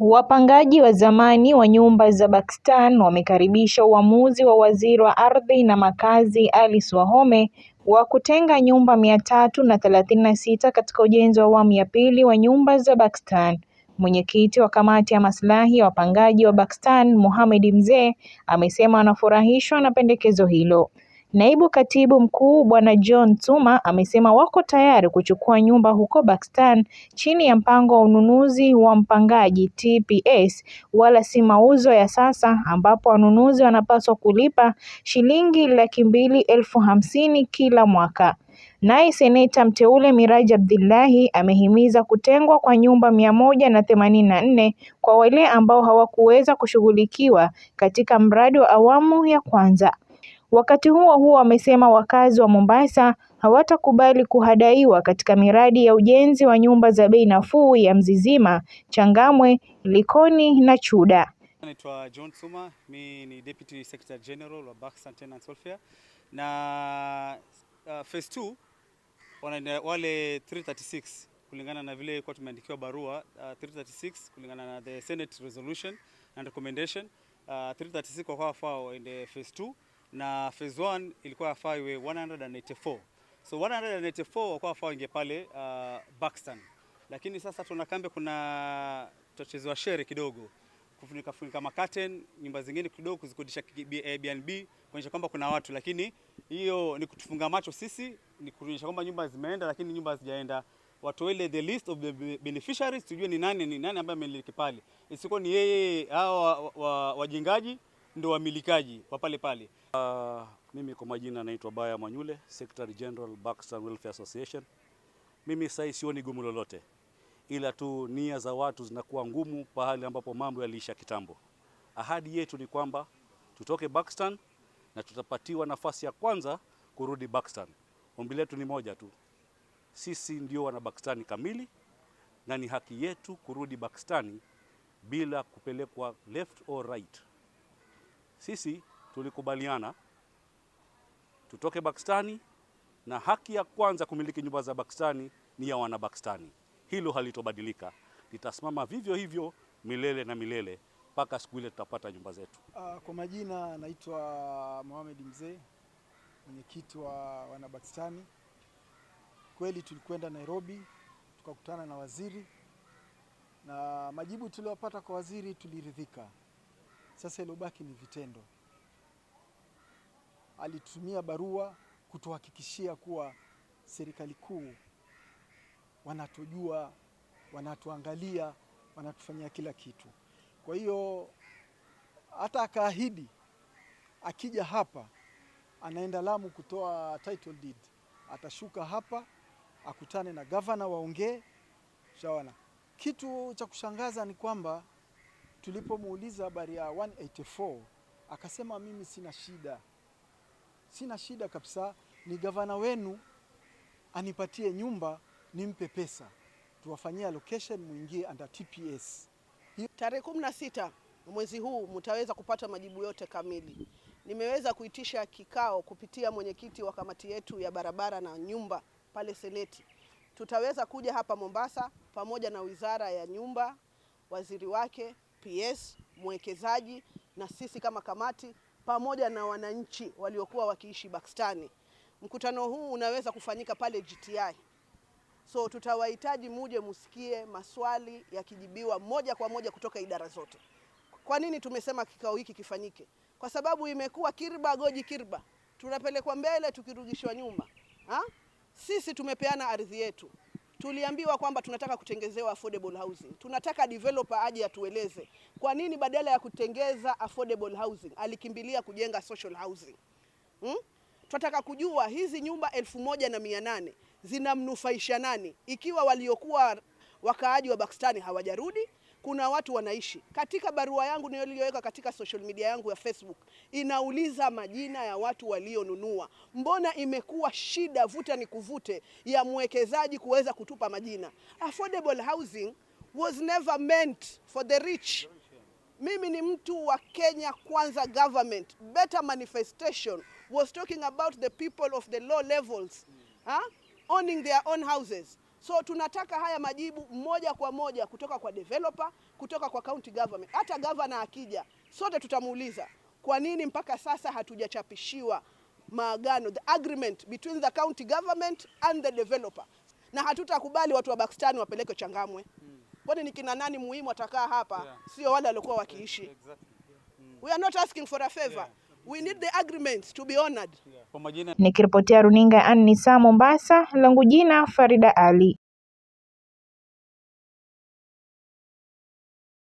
Wapangaji wa zamani wa nyumba za Pakistan wamekaribisha uamuzi wa Waziri wa Ardhi na Makazi Alice Wahome wa kutenga nyumba mia tatu na thelathini na sita katika ujenzi wa awamu ya pili wa nyumba za Pakistan. Mwenyekiti wa kamati ya maslahi ya wapangaji wa Pakistan, Mohamed Mzee, amesema anafurahishwa na pendekezo hilo. Naibu Katibu Mkuu Bwana John Tuma amesema wako tayari kuchukua nyumba huko Bakstan chini ya mpango wa ununuzi wa mpangaji TPS wala si mauzo ya sasa ambapo wanunuzi wanapaswa kulipa shilingi laki mbili elfu hamsini kila mwaka. Naye seneta mteule Miraji Abdullahi amehimiza kutengwa kwa nyumba mia moja na themanini na nne kwa wale ambao hawakuweza kushughulikiwa katika mradi wa awamu ya kwanza. Wakati huo huo, amesema wakazi wa Mombasa hawatakubali kuhadaiwa katika miradi ya ujenzi wa nyumba za bei nafuu ya Mzizima, Changamwe, Likoni na Chuda. Naitwa John Suma, mi ni Deputy Secretary General wa Bax and Tenants Welfare na uh, phase 2 wanaenda wale 336 kulingana na vile kwa tumeandikiwa barua uh, 336 kulingana na the Senate resolution and recommendation uh, 336 kwa kwa fao in the phase 2 na phase 1 ilikuwa yafaa iwe 184 so 184 wakuwa wafaa inge pale uh, Buxton, lakini sasa tuna kambe kuna tutachezewa shere kidogo kufunika funika makaten nyumba zingine kidogo kuzikodisha Airbnb eh, kuonyesha kwamba kuna watu, lakini hiyo ni kutufunga macho sisi, ni kuonyesha kwamba nyumba zimeenda, lakini nyumba hazijaenda. Watu wale the list of the beneficiaries tujue ni nani, ni nani ambaye ameliki pale, isikuwa ni yeye hao wajingaji wa, wa, wa ndio wamilikaji wa pale pale. Uh, mimi kwa majina naitwa Baya Mwanyule, Secretary General Baxter Welfare Association. Mimi sasa sioni gumu lolote, ila tu nia za watu zinakuwa ngumu pahali ambapo mambo yaliisha kitambo. Ahadi yetu ni kwamba tutoke Baxter na tutapatiwa nafasi ya kwanza kurudi Baxter. Ombi letu ni moja tu, sisi ndio wana Baxter kamili na ni haki yetu kurudi Baxter bila kupelekwa left or right. Sisi tulikubaliana tutoke Pakistani na haki ya kwanza kumiliki nyumba za Pakistani ni ya Pakistani. Hilo halitobadilika, litasimama vivyo hivyo milele na milele mpaka siku ile tutapata nyumba zetu. Ah, kwa majina naitwa Mohamed Mzee, mwenyekiti wa Pakistani. Kweli tulikwenda Nairobi tukakutana na waziri na majibu tuliyopata kwa waziri tuliridhika. Sasa ilobaki ni vitendo. Alitumia barua kutuhakikishia kuwa serikali kuu wanatujua, wanatuangalia, wanatufanyia kila kitu. Kwa hiyo hata akaahidi akija hapa anaenda Lamu kutoa title deed, atashuka hapa akutane na gavana waongee. Shawana, kitu cha kushangaza ni kwamba Tulipomuuliza habari ya 184 akasema, mimi sina shida, sina shida kabisa, ni gavana wenu anipatie nyumba nimpe pesa tuwafanyie allocation muingie under TPS. Tarehe 16 mwezi huu mtaweza kupata majibu yote kamili. Nimeweza kuitisha kikao kupitia mwenyekiti wa kamati yetu ya barabara na nyumba pale Seneti. Tutaweza kuja hapa Mombasa pamoja na wizara ya nyumba, waziri wake PS, mwekezaji na sisi kama kamati pamoja na wananchi waliokuwa wakiishi Bakstani. Mkutano huu unaweza kufanyika pale GTI. So tutawahitaji muje musikie maswali yakijibiwa moja kwa moja kutoka idara zote. Kwa nini tumesema kikao hiki kifanyike? Kwa sababu imekuwa kirba goji kirba, tunapelekwa mbele tukirudishwa nyuma ha? Sisi tumepeana ardhi yetu tuliambiwa kwamba tunataka kutengezewa affordable housing. Tunataka developer aje atueleze kwa nini badala ya kutengeza affordable housing alikimbilia kujenga social housing hmm? Tunataka kujua hizi nyumba elfu moja na mia nane zinamnufaisha nani, ikiwa waliokuwa wakaaji wa Pakistani hawajarudi kuna watu wanaishi. Katika barua yangu niliyoweka katika social media yangu ya Facebook inauliza majina ya watu walionunua. Mbona imekuwa shida, vuta ni kuvute ya mwekezaji kuweza kutupa majina? Affordable housing was never meant for the rich. Mimi ni mtu wa Kenya Kwanza government. Better manifestation was talking about the people of the low levels, huh? owning their own houses So tunataka haya majibu moja kwa moja kutoka kwa developer, kutoka kwa county government. Hata gavana akija, sote tutamuuliza kwa nini mpaka sasa hatujachapishiwa maagano, the agreement between the county government and the developer, na hatutakubali watu wa Pakistan wapeleke Changamwe. Hmm. Kwani ni kina nani muhimu atakaa hapa? Sio wale waliokuwa wakiishi. We are not asking for a favor. We need the agreements to be honored. Nikiripotia runinga Annisa Mombasa, langu jina Farida Ali.